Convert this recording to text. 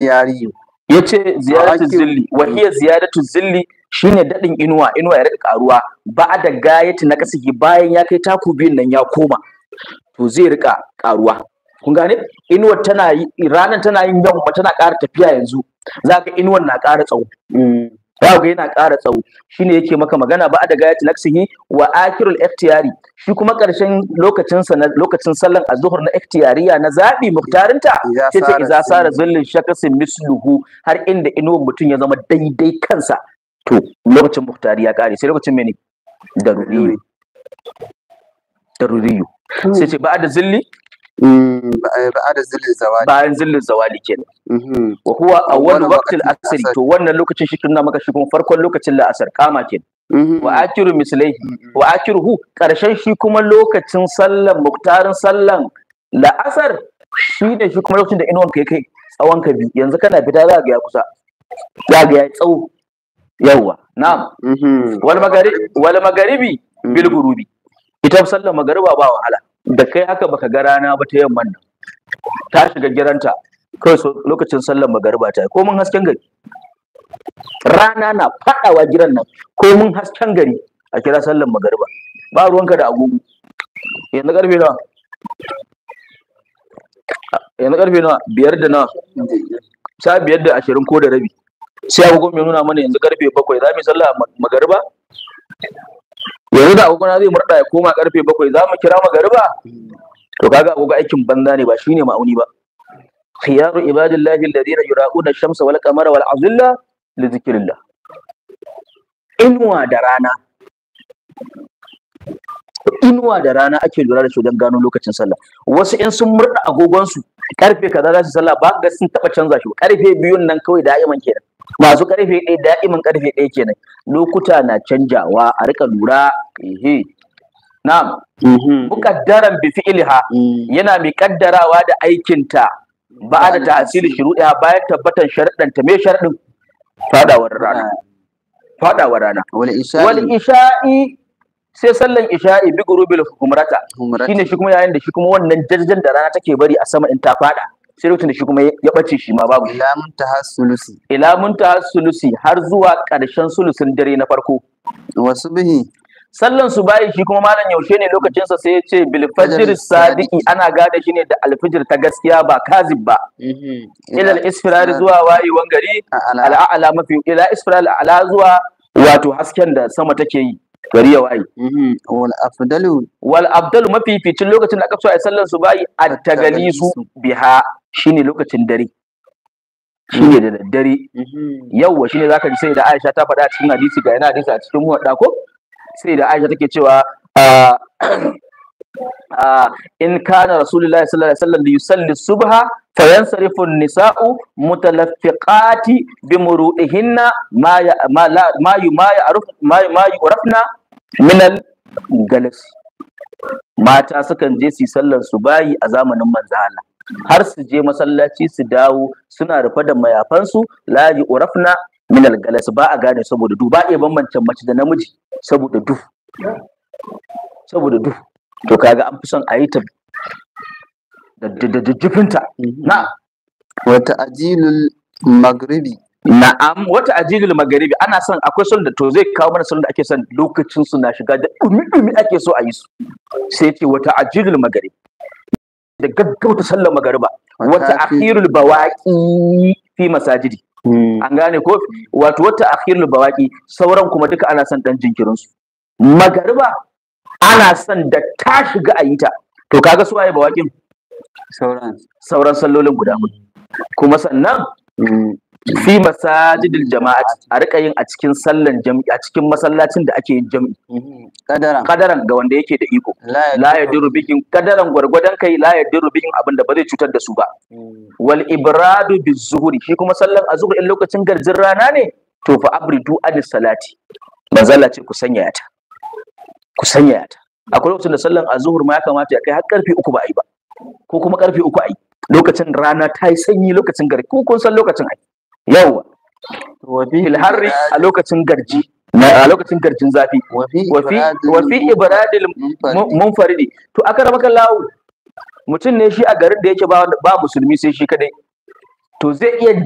yari ya ce ziyaratu zilli shine dadin inuwa inuwa ya rika ƙaruwa. ba da gayati na kasihi bayan ya kai taku biyun nan ya koma to zai rika karuwa kun gane inuwar tana ranar tana yin yamma tana ƙara tafiya yanzu za ka inuwar na ƙara tsawo mm. za ga yana ƙara tsawo Shi ne yake maka magana ba da gayati naksihi wa akirul ikhtiyari shi kuma ƙarshen lokacin sa lokacin sallan azhur na ikhtiyariya na zabi muhtarinta sai ta iza sara zullin shakasin misluhu har inda inuwan mutum ya zama daidai kansa to lokacin muhtari ya ƙare sai lokacin mene daruriyu daruriyu hmm. sai ce ba da zilli Mm, ba'ada zillin zawali bayan zillin zawali kenan mm-hmm. wa huwa wani waktar asr to wannan lokacin shi tunna maka shi kuma farkon lokacin la'asar kama kenan mm-hmm. wa akiru mislai mm-hmm. wa akiruhu karshen shi kuma lokacin sallan muktarin sallan la'asar shi ne shi kuma lokacin da inuwan kai kai tsawon ka bi yanzu kana fita za ga ya kusa za ga ya yi tsawo Yauwa, na'am Wani magaribi wal magaribi bil gurubi ita sallan magariba ba wahala da kai haka baka ga rana ba ta yamman nan ta shiga giranta kawai lokacin sallar magariba ta yi ko mun hasken gari rana na fadawa giran nan ko mun hasken gari a kira sallar magariba ba ruwanka da agogo yanzu karfe nawa yanzu karfe nawa biyar da nawa sa biyar da ashirin ko da rabi sai agogo mai nuna mana yanzu karfe bakwai za mu yi sallah magariba yanzu da agogona zai murɗa ya koma karfe bakwai za mu kira magariba to kaga agogo aikin banza ne ba shine ma'auni ba khiyaru ibadillahi alladhina yura'una shamsa wal qamara wal azilla li zikrillah inuwa da rana inuwa da rana ake lura da su don gano lokacin sallah wasu in sun murda agogonsu karfe kaza za su sallah ba ga sun taba canza shi karfe biyun nan kawai da ayyaman kenan masu karfe ɗaya da'imin karfe ɗaya kenan lokuta na canjawa a rika lura ehe na'am mukaddaran bi fi'liha mm. yana mai kaddarawa da aikin ta ba da tahsili shuruɗiha bayan tabbatar sharadin ta me sharaɗin fadawar rana ah. fadawar rana wal isha'i sai sallan isha'i bi gurubil humrata shine shi kuma yayin da shi kuma wannan jajjan da rana take bari a sama in ta fada sai lokacin da shi kuma ya bace shi ma babu ila muntaha sulusi ila muntaha sulusi har zuwa ƙarshen sulusin dare na farko wa subhi sallan subahi shi kuma malam yaushe ne lokacin sa sai ya ce bil fajr sadiqi ana gada shi ne da alfijir ta gaskiya ba kazib ba mhm. ila al isfirar zuwa wayi wangari al a'la mafi ila isfirar a'la zuwa wato hasken da sama take yi gari ya waye. Mhm. Wal afdalu. Wal afdalu mafificin lokacin da aka so a sallan su bayi a tagalisu biha shine lokacin dare hmm. shine da daddare hmm. yawwa shine zaka ji sai da Aisha ta faɗa a cikin hadisi ga yana hadisi a cikin muwadda ko sai da Aisha take cewa ah, ah, in kana rasulullahi sallallahu alaihi wasallam yusalli subha fayansarifu nisa'u mutalaffiqati muru'ihinna ma ma ma ma yurafna min al-galas mata sukan je su sallar su bayi a zamanin manzo Allah har su je masallaci su dawo suna rufe da mayafansu la urafna min algalas ba a gane saboda duhu ba iya bambance mace da namiji saboda duhu saboda duhu to kaga an fi son a yi ta da jifinta na wata ajilul magribi na'am wata ajilul magribi ana son akwai son da to zai kawo mana son da ake son lokacin su na shiga da dumi dumi ake so a yi su sai ce wata ajilul magribi da gaggauta sallar magariba wata akhirul bawaki fi masajidi hmm. an gane ko wato wata akhirul bawaki sauran kuma duka ana son dan jinkirin su magariba ana son da ta shiga ayita. to kaga su waye bawakin sauran sauran sallolin guda kuma sannan hmm. fi masajidil jama'a a rika yin a cikin sallan jami'a a cikin masallacin da ake yin jam'i mhm. kadaran kadaran ga wanda yake da iko la diru bikin kadaran gwargwadon kai la diru bikin abin da ba zai cutar da su ba mhm. wal ibradu bizuhuri shi kuma sallan azhur in lokacin garjin rana ne to fa abridu adis salati manzala ce ku sanya ta ku sanya ta akwai lokacin da sallan azhur ma ya kamata ya kai har karfe uku ba a yi ba ko kuma karfe uku a yi lokacin rana ta yi sanyi lokacin gari ko kun san lokacin ai yawa wafi harri a lokacin garji a lokacin garjin zafi wafi wafi ibradil munfaridi to aka rama lawo mutum ne shi a garin da yake ba musulmi sai shi kadai to zai iya